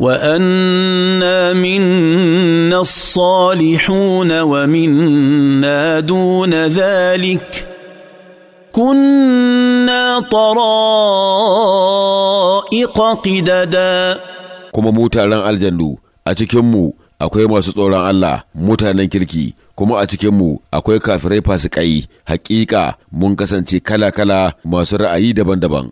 وانا منا الصالحون ومنا دون ذلك كنا طرائق قددا kuma mutanen aljannu a cikinmu akwai masu tsoron Allah mutanen kirki kuma a cikinmu akwai kafirai fasikai hakika mun kasance kala-kala masu ra'ayi daban-daban